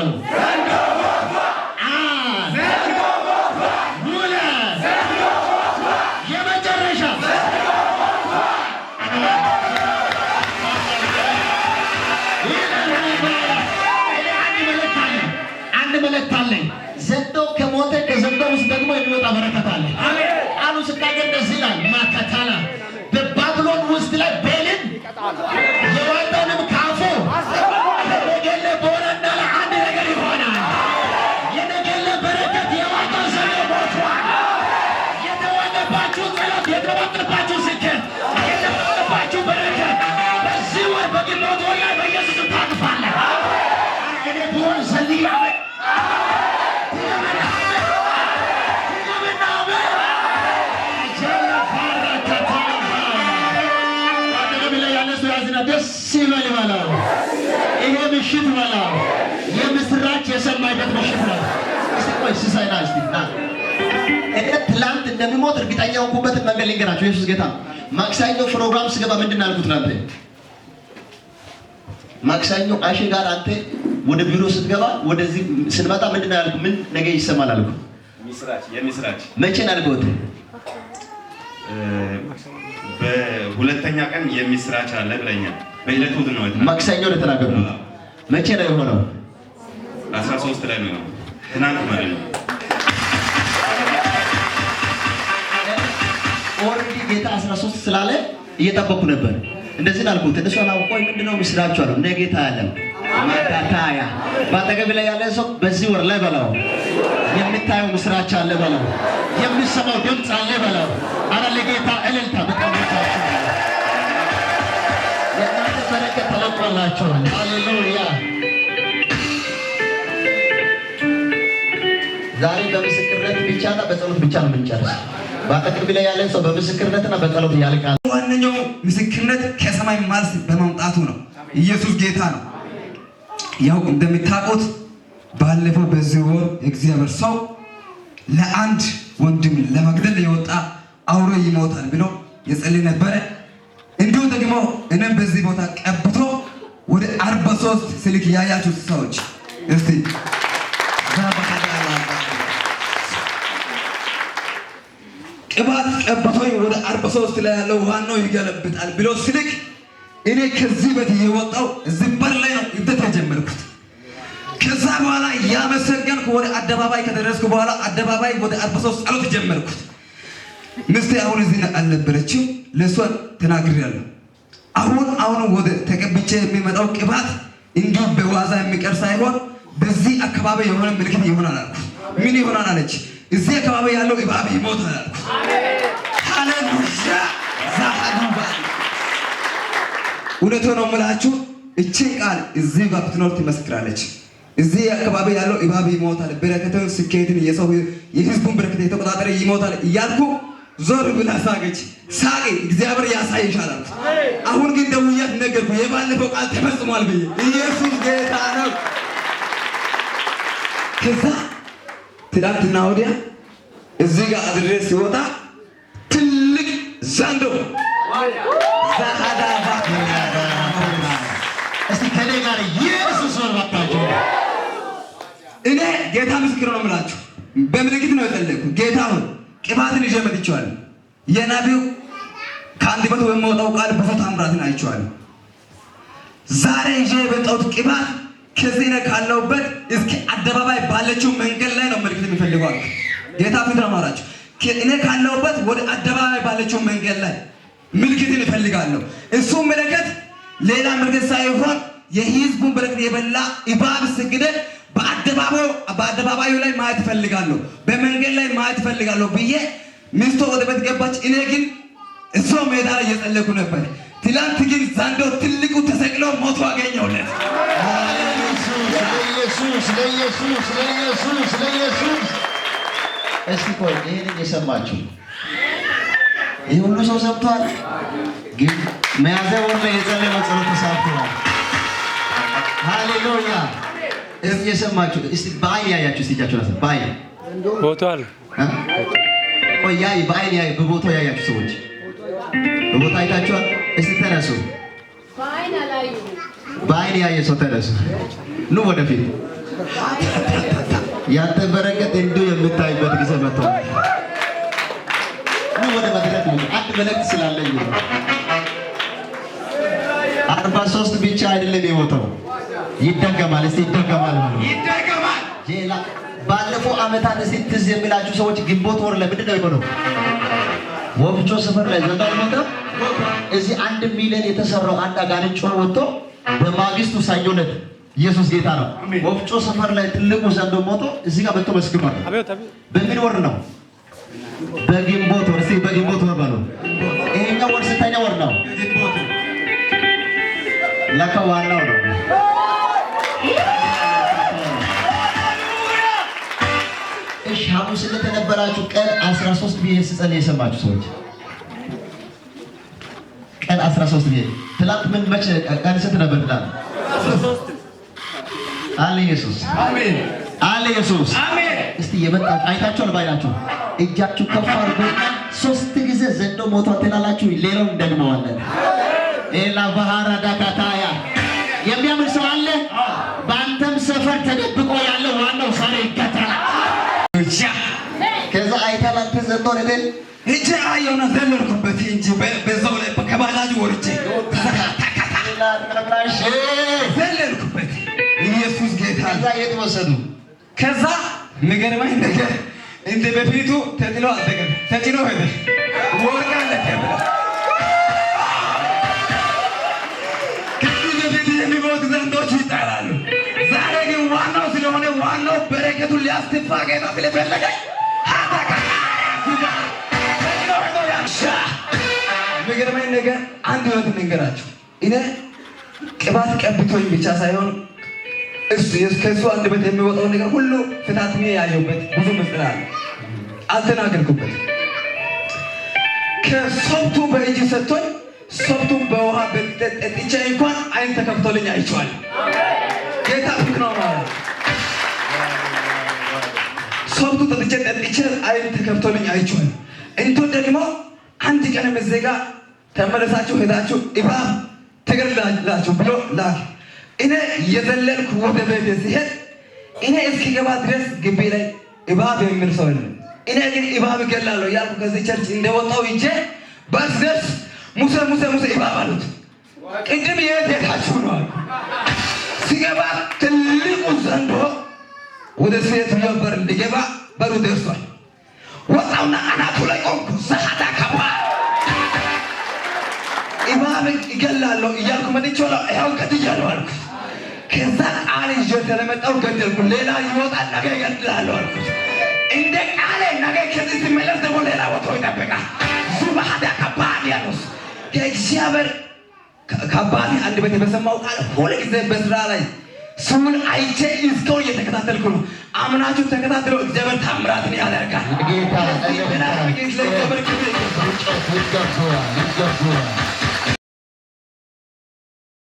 በሉ የመጨረሻ አንድ መልእክት አለኝ። ዘንዶ ከሞተ ከዘንዶ ውስጥ ደግሞ የሚወጣ በረከት አለ። አሉ ስናገር ደስ ይላል። ማከታላ በባብሎን ውስጥ ላይ ቤልን ይበል በለው። ይሄ ምሽት በለው የምስራች የሰማይበት ምሽት ነው። ቆይ ሲሳይና እስቲ እኔ ትላንት እንደሚሞት እርግጠኛ ሆንኩበትን መንገድ ልንገራቸው። ኢየሱስ ጌታ ማክሰኞ ፕሮግራም ስገባ ምንድን አልኩት ናንተ ማክሰኞ አሼ ጋር አንተ ወደ ቢሮ ስትገባ ወደዚህ ስንመጣ ምንድን ያልኩ ምን ነገር ይሰማል አልኩ። መቼን አልኩት በሁለተኛ ቀን የምስራች አለ ብለኛል። ማክሰኞ ነው የተናገርኩት። መቼ ነው የሆነው? አስራ ሦስት ላይ ነው ትናንት ማለት ነው። ኦልሬዲ ጌታ አስራ ሦስት ስላለ እየጠበኩ ነበር። እንደዚህ ላልኩት እነሱ አላውቆኝ ምንድን ነው ምስራችሁ አሉ። ጌታ ያለ መታታያ በአጠገብ ላይ ያለ ሰው በዚህ ወር ላይ በለው የምታየው ምስራች አለ በለው፣ የምሰማው ድምፅ አለ በለው። አረ ለጌታ እልልታ ይሆንላቸዋል። ሃሌሉያ። ዛሬ በምስክርነት ብቻና በጸሎት ብቻ ነው የምንጨርሰው። በአጠቅርቢ ላይ ያለን ሰው በምስክርነትና በጸሎት ያልቃል። ዋነኛው ምስክርነት ከሰማይ መልስ በመምጣቱ ነው። ኢየሱስ ጌታ ነው። ያው እንደምታውቁት ባለፈው በዚህ ወር እግዚአብሔር ሰው ለአንድ ወንድም ለመግደል የወጣ አውሮ ይሞታል ብሎ የጸለይ ነበረ። እንዲሁ ደግሞ እኔም በዚህ ቦታ ቀባ ወደ አርባ ሶስት ስልክ ያያችሁ ሰዎች እስቲ ቅባት ቀብቶኝ ወደ አርባ ሶስት ላይ ያለው ዋናው ይገለብጣል ብሎ ስልክ እኔ ከዚህ በት የወጣው እዚህ በር ላይ ነው ይደት ያጀመርኩት። ከዛ በኋላ ያመሰገንኩ ወደ አደባባይ ከደረስኩ በኋላ አደባባይ ወደ አርባ ሶስት ጸሎት ጀመርኩት። ምስቴ አሁን እዚህ አልነበረችም። ለእሷን ተናግሬያለሁ። አሁን አሁን ወደ ተቀብቼ የሚመጣው ቅባት እንዲሁ በዋዛ የሚቀር ሳይሆን በዚህ አካባቢ የሆነ ምልክት ይሆናል አልኩት። ምን ይሆናል አለች። እዚህ አካባቢ ያለው እባብ ይሞታል አልኩት። ሃሌሉያ ዛሃዱባ እውነቶ ነው የምላችሁ። እችን ቃል እዚህ ጋር ትመስክራለች። እዚህ አካባቢ ያለው እባብ ይሞታል፣ በረከትን፣ ስኬትን፣ የሰው የህዝቡን በረከት የተቆጣጠረ ይሞታል እያልኩ ዞር ብላ ሳቀች። ሳቂ እግዚአብሔር ያሳይሻል። አሁን ግን ደውያት ነገርኩ የባለፈው ቃል ተፈጽሟል ብዬ ኢየሱስ ጌታ ነው። ከዛ ትናንትና ወዲያ እዚህ ጋር አድሬ ሲወጣ ትልቅ ዘንዶ እኔ ጌታ ምስክር ነው የምላችሁ፣ በምልክት ነው የጠለኩ ጌታ ሆይ ቅባትን ይዤ መጥቼዋለሁ። የነቢዩ ከአንደበቱ የሚወጣው ቃል ብዙ ታምራትን አይቼዋለሁ። ዛሬ ይዤ የመጣሁት ቅባት ከዚህ ነው ካለሁበት እስከ አደባባይ ባለችው መንገድ ላይ ነው መልክት የሚፈልገው። ጌታ ፊት አማራችሁ እኔ ካለሁበት ወደ አደባባይ ባለችው መንገድ ላይ ምልክትን ይፈልጋለሁ። እሱ ምልክት ሌላ ምልክት ሳይሆን የህዝቡን በረከት የበላ እባብ ስግደት በአደባባዩ ላይ ማየት እፈልጋለሁ፣ በመንገድ ላይ ማየት እፈልጋለሁ ብዬ ሚስቶ ወደ ቤት ገባች። እኔ ግን እዛው ሜዳ ላይ እየጸለኩ ነበር። ትላንት ግን ዛንዶ ትልቁ ተሰቅሎ ሞቶ አገኘውለት። እስቲ ቆይ ይህንን የሰማችሁ ይህ ሁሉ ሰው ሰብቷል፣ ግን መያዘ ወላ የጸለየ ጸሎት ተሳፍተዋል። ሃሌሉያ የሰማችሁ እስቲ በአይን ያያችሁ እስቲ እጃችሁ ራስ በአይን ቦታል ቆያ በአይን ያይ በቦታው ያያችሁ ሰዎች በቦታ አይታችኋል። እስቲ ተነሱ። በአይን ያየ ሰው ተነሱ። ኑ ወደፊት ያንተ በረከት እንዲሁ የምታይበት ጊዜ መጥቷል። ኑ ወደ መድረክ አንድ መልእክት ስላለኝ አርባ ሶስት ብቻ አይደለም የሞተው ይደገማል። እስቲ ይደገማል ማለት ይደገማል። ሌላ ባለፈው ዓመታት እስቲ ትዝ የሚላችሁ ሰዎች ግንቦት ወር ለምንድን ነው የሆነው? ወፍጮ ሰፈር ላይ ዘንዳል ሞተ። እዚህ አንድ ሚሊዮን የተሰራው አንድ አጋንንት ጮህ ወጥቶ በማግስቱ ሰኞ ኢየሱስ ጌታ ነው። ወፍጮ ሰፈር ላይ ትልቁ ዘንዶ ሞቶ እዚህ ጋር መጥቶ መስክሯል። በምን ወር ነው? በግንቦት ወር። እስቲ በግንቦት ወር ባሉ ይሄኛው ወር ስንተኛ ወር ነው? ለካ ዋናው ቅዱስ ስለተነበራችሁ ቀን 13 ብዬ ስጸል የሰማችሁ ሰዎች ቀን 13 ብዬ ትላንት ምን መቼ ቀን ስት ነበር? ትላል አለ ኢየሱስ አሜን፣ አለ ኢየሱስ አሜን። እስቲ የመጣችሁ አይታችኋል ባይናችሁ እጃችሁ ከፍ አድርጉ። ሶስት ጊዜ ዘንዶ ሞቷል ትላላችሁ፣ ሌላው እንደግመዋለን። ሌላ ባህራ ዳካታያ የሚያምን ሰው አለ። በአንተም ሰፈር ተደብቆ ያለው ዋናው ሳሬ ይጋ የዘንዶን እድል ሂጄ አየሁና ዘለልኩበት እንጂ በዛው ላይ ከባጃጅ ወርጄ ዘለልኩበት። ኢየሱስ ጌታ። የት ወሰዱ? ከዛ የሚገርመኝ ነገር እንደ በፊቱ ተጥሎ አልተገኘም። ተጭኖ ሄደ። ወርቃለች ከዚህ በፊት ዋናው ስለሆነ ዋናው በረከቱን ሊያስተፋ ጌታ ስለፈለገኝ የሚገርመኝ ነገር አንድ ህይወት ልንገራችሁ። እኔ ቅባት ቀብቶኝ ብቻ ሳይሆን እሱ ከእሱ አንደበት የሚወጣው ነገር ሁሉ ፍታት ነው ያየሁበት ብዙ ምስጢር አለ። አልተናገርኩበት። ከሶብቱ በእጅ ሰጥቶኝ ሶብቱን በውሃ ጠጥቼ እንኳን አይን ተከፍቶልኝ አይቼዋለሁ። ጌታ ፍቅ ነው ማለት ሶብቱ ጠጥቼ ጠጥቼ አይን ተከፍቶልኝ አይቼዋለሁ። እንቶ ደግሞ አንድ ቀን መዘጋ ተመለሳችሁ ሄዳችሁ እባብ ትገድላላችሁ ብሎ ላክ። እኔ የዘለልኩ ወደ ቤቴ ሲሄድ እኔ እስኪገባ ድረስ ግቢ ላይ እባብ የሚል ሰው የለም። እኔ ግን እባብ እገላለሁ ያልኩ ከዚህ ቸርች እንደወጣው ሂጄ በስ ደርስ ሙሴ ሙሴ ሙሴ እባብ አሉት። ቅድም የት ሄዳችሁ ነው አሉ። ሲገባ ትልቁ ዘንዶ ወደ ሴት በር እንዲገባ በሩ ደርሷል። ወጣውና አናቱ ላይ ቆምኩ። ይገላለሁ እያልኩ መጥቼዋለሁ። ይኸው ገድያለሁ አልኩ። ከዛ ቃል ይዤ ስለመጣሁ ገደልኩ። ሌላ ይወጣል፣ ነገ እገድላለሁ አልኩ። እንደ ቃሌ ነገ ከዚህ ሲመለስ ደግሞ ሌላ ወጥቶ ይጠብቃል። ዙባሃዳ ከባድ ያኖስ ከእግዚአብሔር ከባድ አንድ ቤት በሰማው ቃል ሁልጊዜ በስራ ላይ ስሙን አይቼ እስካሁን እየተከታተልኩ ነው። አምናችሁ ተከታተሉ። እግዚአብሔር ታምራትን ያደርጋል። ጌታ እግዚአብሔር ክብር